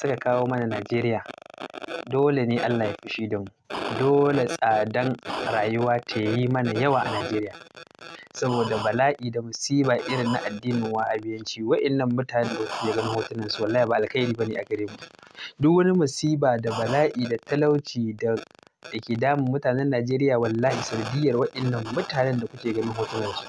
suka kawo mana Najeriya, dole ne Allah ya fushi da mu. Dole tsadan rayuwa ta yi mana yawa a Najeriya. Saboda bala'i da musiba irin na addinin wa abiyanci wa'annan mutanen da kuke ganin hotunan su wallahi ba alkhairi bane a gare mu. Duk wani musiba da bala'i da talauci da da ke damun mutanen Najeriya wallahi sardiyar wa'annan mutanen da kuke ganin hotunan su.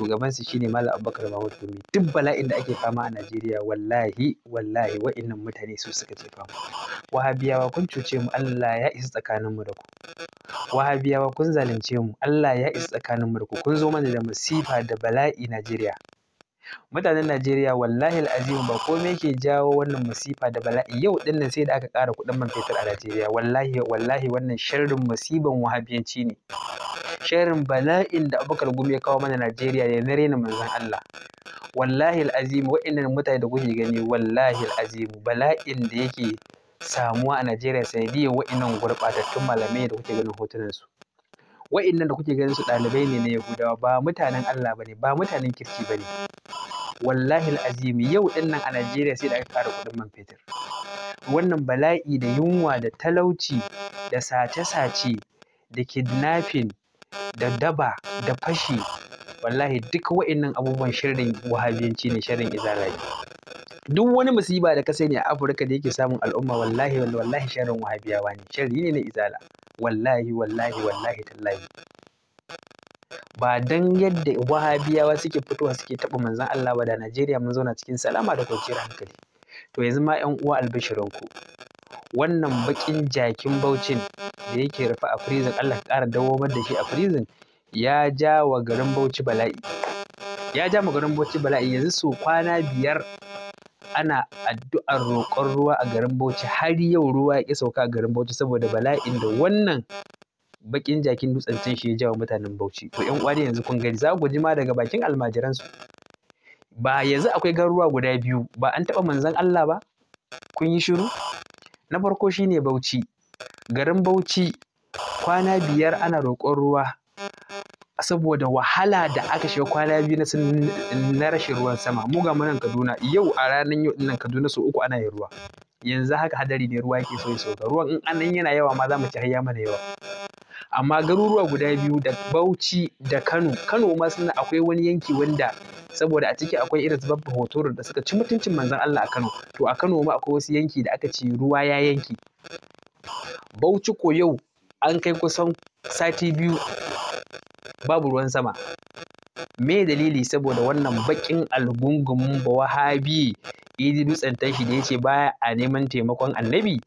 shugabansu shine Malam Abubakar Mahmud Gumi. Duk bala'in da ake fama a Najeriya wallahi wallahi wa'innan mutane su suka ce fama. Wahabiyawa kun cuce mu Allah ya isa tsakanin mu da ku. Wahabiyawa kun zalunce mu Allah ya isa tsakanin mu da ku. Kun zo mana da masifa da bala'i Najeriya. mutanen Najeriya wallahi al'azim ba komai ke jawo wannan masifa da bala'i yau din nan sai da aka ƙara kuɗin man fetur a Najeriya wallahi wallahi wannan sharrin musiban wahabiyanci ne sharrin bala'in da Abubakar Gumi ya kawo mana Najeriya ne na rena manzon Allah wallahi al'azim wa'annan mutane da kuke gani wallahi al'azim bala'in da yake samuwa a Najeriya sanadiyar wa'annan gurɓatattun malamai da kuke ganin hotunan su wa'innan da kuke ganin su ɗalibai ne na Yahudawa ba mutanen Allah ba ne, ba mutanen kirki ba ne. wallahi azim yau ɗin nan a Najeriya sai da aka kara kuɗin man fetur wannan bala'i da yunwa da talauci da sace-sace da kidnapping da daba da fashi wallahi duk wa'innan abubuwan shirin wahabiyanci ne shirin izalai duk wani musiba da ka sani a Afirka da yake samun al'umma wallahi wallahi shirin wahabiyawa ne shirin ne na izala wallahi wallahi wallahi tallahi ba dan yadda wahabiyawa suke fitowa suke taɓa manzon Allah ba da Najeriya mun zauna cikin salama da kwanciyar hankali to yanzu ma ƴan uwa albishirinku wannan baƙin jakin baucin da yake rufe a prison Allah ka ƙara dawomar da shi a prison ya ja wa garin bauchi bala'i ya ja garin bauchi bala'i yanzu su kwana biyar ana addu'ar roƙon ruwa a garin Bauchi har yau ruwa ya ƙi sauka a garin Bauchi saboda bala'in da wannan baƙin jakin dutsen can shi ya jawo mutanen Bauchi to ƴan uwa yanzu kun gani za ku ji ma daga bakin almajiran su ba yanzu akwai garuruwa guda biyu ba an taɓa manzon Allah ba kun yi shiru na farko shine Bauchi garin Bauchi kwana biyar ana roƙon ruwa saboda wahala da aka shiga kwana biyu na sun na rashin ruwan sama mu ga nan Kaduna yau a ranar yau nan Kaduna sau uku ana yin ruwa yanzu haka hadari ne ruwa yake so ya sauka ruwan in anan yana yawa ma za mu ci hayya mana yawa amma garuruwa guda biyu da Bauchi da Kano Kano ma suna akwai wani yanki wanda saboda a ciki akwai irin babba hotoron da suka ci mutuncin manzon Allah a Kano to a Kano ma akwai wasu yanki da aka ce ruwa ya yanki Bauchi ko yau an kai kusan sati biyu babu ruwan sama me dalili saboda wannan bakin algungun ba wahabi idi dutsen tashi da yace baya a neman taimakon annabi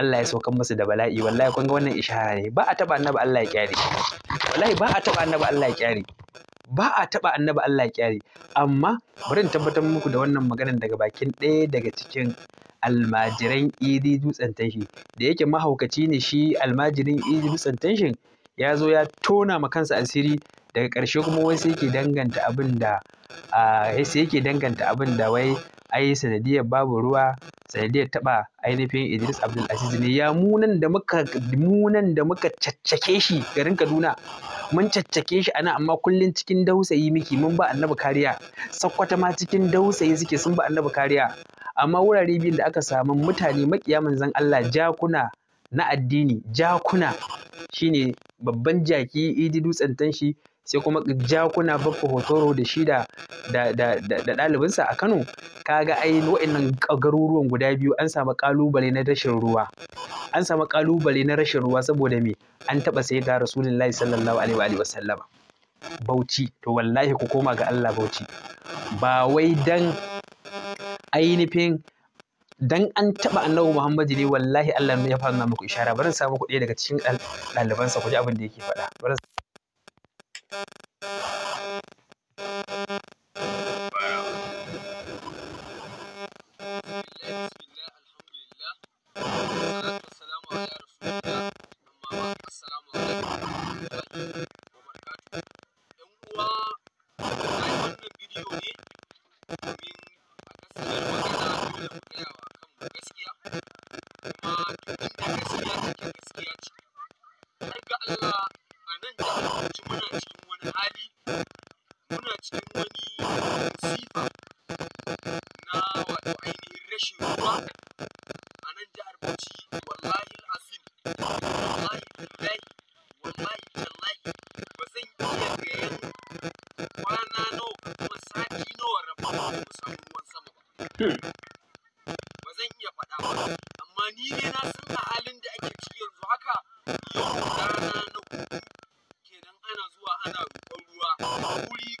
Allah ya saukan masa da bala'i wallahi kun ga wannan ishara ne ba a taba annabi Allah ya kyare wallahi ba a taba annabi Allah ya kyare ba a taɓa annabi Allah ya kyare amma bari in tabbatar muku da wannan maganar daga bakin ɗaya daga cikin almajiran idi dutsen tashi da yake mahaukaci ne shi almajirin idi dutsen tashin ya zo ya tona ma kansa asiri daga ƙarshe kuma wai sai yake danganta abin da eh, sai yake danganta abin da wai ai sanadiyar babu ruwa sanadiyar taɓa ainihin Idris Abdul Aziz ne ya munan da muka munan da muka caccake shi garin Kaduna mun caccake shi ana amma kullun cikin dausayi miki mun ba annabi kariya sakkwata ma cikin dausayi suke sun ba annabi kariya amma wurare biyun da aka samu mutane makiya manzon Allah jakuna na addini jakuna shine babban jaki idi dutsen tanshi sai kuma jakuna bakko hotoro da shi da da ɗalibinsa a kano kaga ai wa'annan garuruwan guda biyu an samu ƙalubale na rashin ruwa an samu ƙalubale na rashin ruwa saboda me an taɓa sai da rasulullahi sallallahu alaihi wa sallama bauchi to wallahi ku koma ga Allah bauchi ba wai dan ainihin dan an taba annabi Muhammadu ne wallahi Allah ya fara muku ishara bari in sa muku daga cikin ɗalibansa ku ji abin da yake faɗa ce wani sifa na wato ainihin rashin ruwa a nan jihar Bauchi wallahi azim wallahi billahi wallahi tallahi ba zan iya gayan kwana nawa kuma sati nawa rabon ba ku samu ruwan sama ba ba zan iya faɗa ba amma ni ne na san halin da ake ciki yanzu haka yau rana na hudu kenan ana zuwa ana roƙon ruwa wuri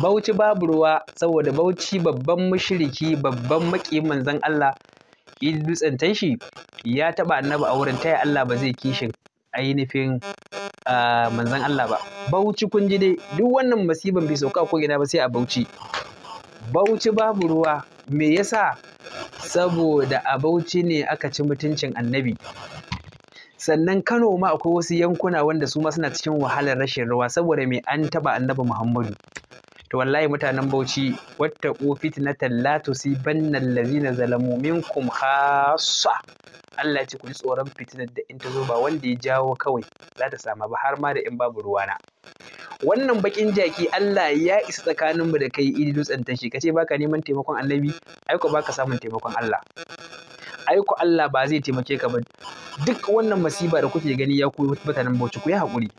Bauchi babu ruwa saboda Bauchi babban mushiriki babban maƙiyin manzon Allah in dutsen shi ya taɓa annabi a wurin taya Allah ba zai kishin ainihin manzon Allah ba. Bauchi kun ji dai duk wannan masifan bai sauka ko ina ba sai a Bauchi. Bauchi babu ruwa me yasa saboda a Bauchi ne aka ci mutuncin annabi. sannan Kano ma akwai wasu yankuna wanda su ma suna cikin wahalar rashin ruwa saboda me an taba annabi Muhammadu to wallahi mutanen Bauchi wattaqu fitnatan si bannan lazina zalamu minkum khassa Allah ce ku ji tsoron fitinar da in ta zo ba wanda ya jawo kawai za ta sama ba har ma da in babu ruwana wannan bakin jaki Allah ya isa tsakanin mu da kai idi dutsen tashi kace baka neman taimakon annabi ai ko baka samun taimakon Allah ai ko Allah ba zai taimake ka ba duk wannan masiba da kuke gani ya ku mutanen Bauchi ku yi hakuri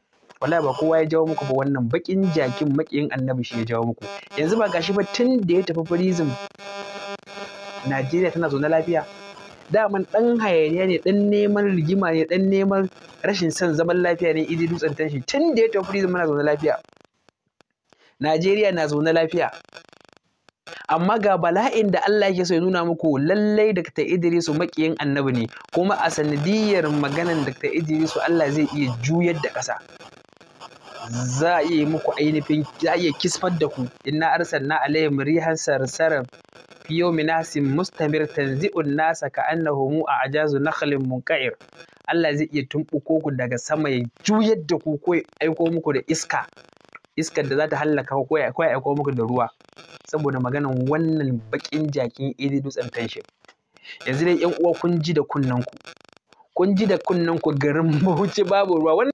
wallahi ba kowa ya jawo muku ba wannan bakin jakin makiyin annabi shi ya jawo muku yanzu ba gashi ba tun da ya tafi prison Najeriya tana zaune lafiya daman dan hayaniya ne dan neman rigima ne dan neman rashin son zaman lafiya ne idi dutsen tashi tun da ya tafi prison muna zaune lafiya Najeriya na zaune lafiya amma ga bala'in da Allah yake so ya nuna muku lallai Dr. Idrisu makiyin annabi ne kuma a sanadiyar maganan Dr. Idrisu Allah zai iya juyar da ƙasa za a iya muku ainihin za a iya kisfar da ku inna na alaihim rihan sarsaran Fiyo Minasin, nasin mustamir tanzi'un nasa ka mu a ajazu nakhalin munqa'ir Allah zai iya tumbuko ku daga sama ya juyar da ku ko aiko muku da iska iskar da za ta hallaka ko ya aiko muku da ruwa saboda maganan wannan bakin jakin iri dutsen tanshin yanzu dai yan uwa kun ji da kunnan ku kun ji da kunnan ku garin bauchi babu ruwa